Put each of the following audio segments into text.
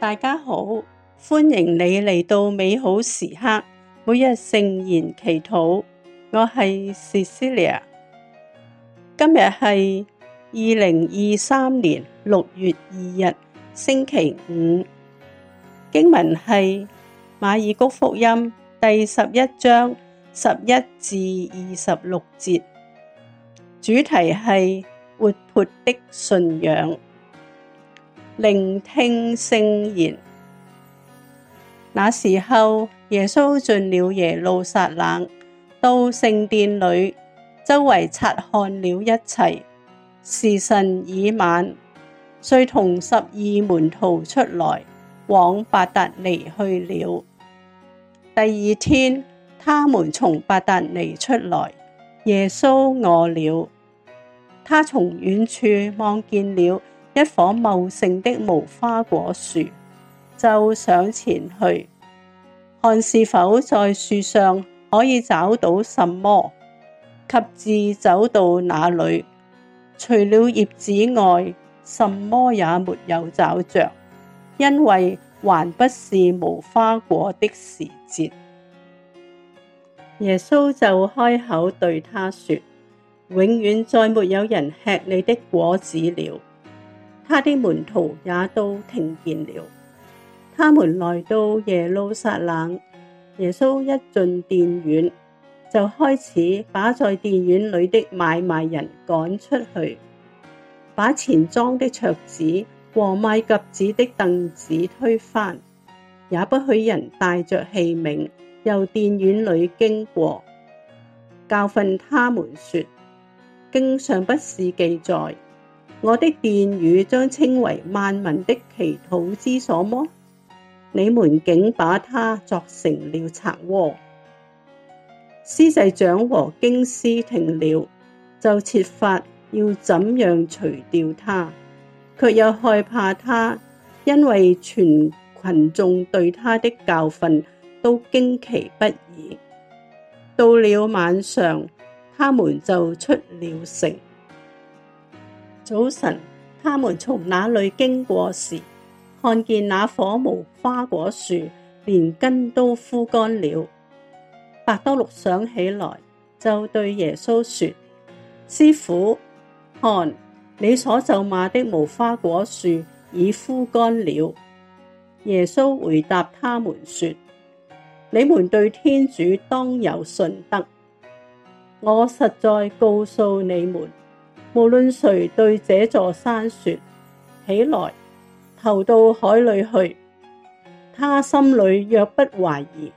大家好，歡迎你嚟到美好時刻，每日聖言祈禱。我係 Cecilia，今日係二零二三年六月二日星期五。經文係馬爾谷福音第十一章十一至二十六節，主題係活潑的信仰。聆聽聖言。那時候，耶穌進了耶路撒冷，到聖殿裡，周圍察看了一切。時辰已晚，遂同十二門徒出來，往伯達尼去了。第二天，他們從伯達尼出來，耶穌餓了，他從遠處望見了，一棵茂盛的無花果樹，就上前去看是否在樹上可以找到什麼，及至走到那裏，除了葉子外，什麼也沒有找着，因為還不是無花果的時節。耶穌就開口對他說：永遠再沒有人吃你的果子了。他的門徒也都聽見了，他們來到耶路撒冷。耶穌一進殿院，就開始把在殿院裡的買賣人趕出去，把錢莊的桌子和賣鴿子的凳子推翻，也不許人帶着器皿由殿院裡經過，教訓他們說：經上不是記載，我的殿宇將稱為萬民的祈禱之所麼？你們竟把它作成了賊窩！司祭長和經師聽了，就設法要怎樣除掉他，卻又害怕他，因為全群眾對他的教訓都驚奇不已。到了晚上，他們就出了城。早晨，他們從那裏經過時，看見那棵無花果樹連根都枯乾了。伯多祿想起來，就對耶穌說：師傅，看，你所咒罵的無花果樹已枯乾了。耶穌回答他們說：你們對天主當有信德，我實在告訴你們。無論誰對這座山說起來，投到海裏去，他心裏若不懷疑，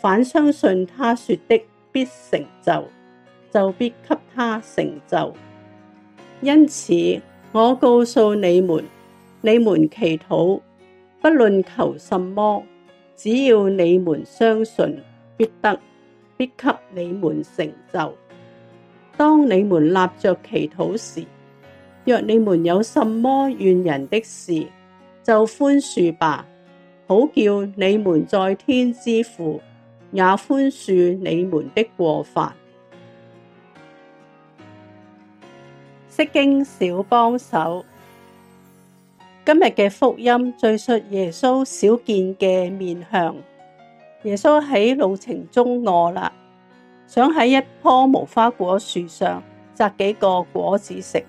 反相信他說的必成就，就必給他成就。因此，我告訴你們，你們祈禱，不論求什麼，只要你們相信，必得，必給你們成就。當你們立着祈禱時，若你們有什麼怨人的事，就寬恕吧，好叫你們在天之父也寬恕你們的過犯。釋經小幫手，今日嘅福音敘述耶穌少見嘅面向。耶穌喺路程中餓啦。想喺一棵無花果樹上摘幾個果子食，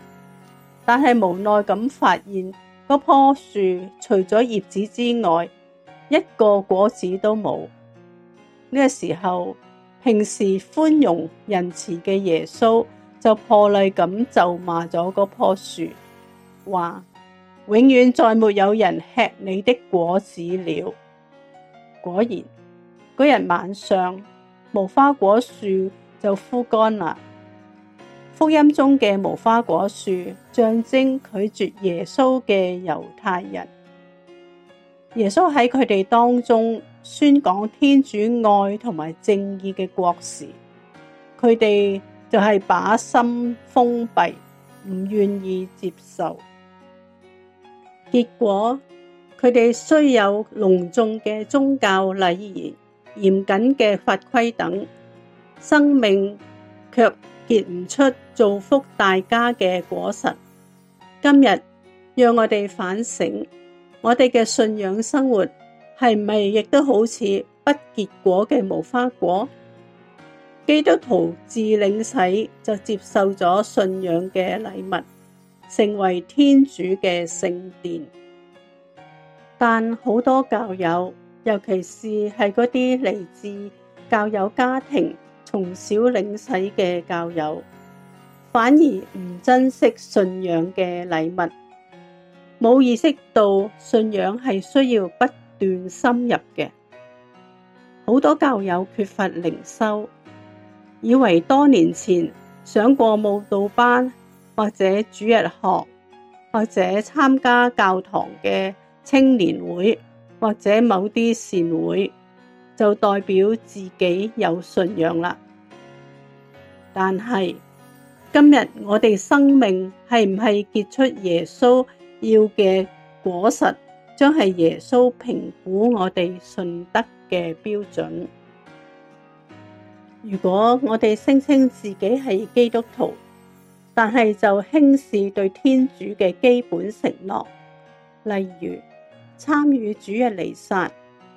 但係無奈咁發現嗰棵樹除咗葉子之外，一個果子都冇。呢個時候，平時寬容仁慈嘅耶穌就破例咁咒罵咗嗰棵樹，話：「永遠再沒有人吃你的果子了。」果然，嗰日晚上，無花果樹就枯乾啦。福音中嘅無花果樹象徵拒絕耶穌嘅猶太人。耶穌喺佢哋當中宣講天主愛同埋正義嘅國時，佢哋就係把心封閉，唔願意接受。結果佢哋雖有隆重嘅宗教禮儀。嚴謹嘅法規等，生命却結唔出造福大家嘅果實。今日讓我哋反省，我哋嘅信仰生活係咪亦都好似不結果嘅無花果？基督徒自領洗就接受咗信仰嘅禮物，成為天主嘅聖殿，但好多教友。尤其是係嗰啲嚟自教友家庭、從小領洗嘅教友，反而唔珍惜信仰嘅禮物，冇意識到信仰係需要不斷深入嘅。好多教友缺乏靈修，以為多年前上過慕道班，或者主日學，或者參加教堂嘅青年會，或者某啲善會就代表自己有信仰啦，但係今日我哋生命係唔係結出耶穌要嘅果實，將係耶穌評估我哋信德嘅標準。如果我哋聲稱自己係基督徒，但係就輕視對天主嘅基本承諾，例如。參與主日彌撒、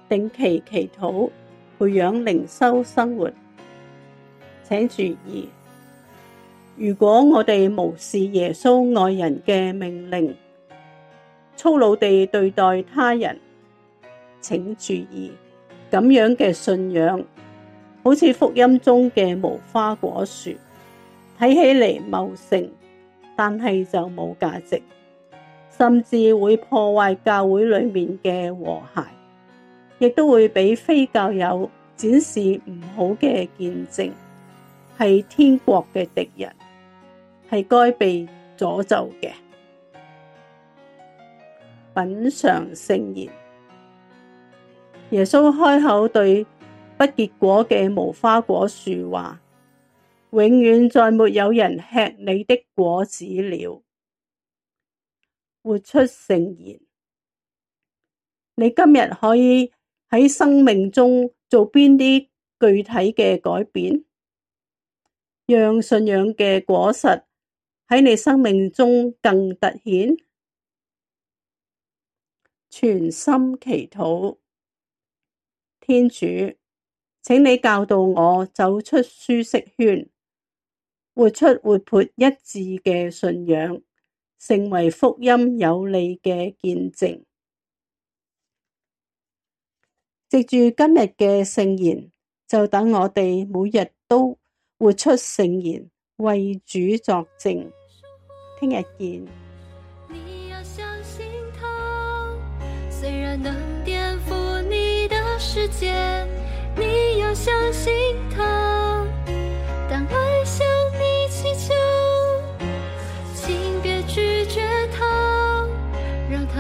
定期祈禱、培養靈修生活。請注意！如果我哋無視耶穌愛人嘅命令，粗魯地對待他人，請注意！咁樣嘅信仰好似福音中嘅無花果樹，睇起嚟茂盛，但係就冇價值。甚至會破壞教會裏面嘅和諧，亦都會俾非教友展示唔好嘅見證，係天國嘅敵人，係該被詛咒嘅。品嘗聖言，耶穌開口對不結果嘅無花果樹話：永遠再沒有人吃你的果子了。活出聖言，你今日可以喺生命中做邊啲具體嘅改變，讓信仰嘅果實喺你生命中更突顯。全心祈禱，天主，請你教導我走出舒適圈，活出活潑一致嘅信仰。成為福音有利嘅見證，藉住今日嘅聖言，就等我哋每日都活出聖言，為主作證。聽日見。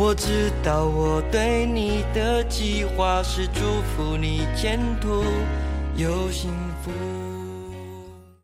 我知道我對你的計劃是祝福你前途有幸。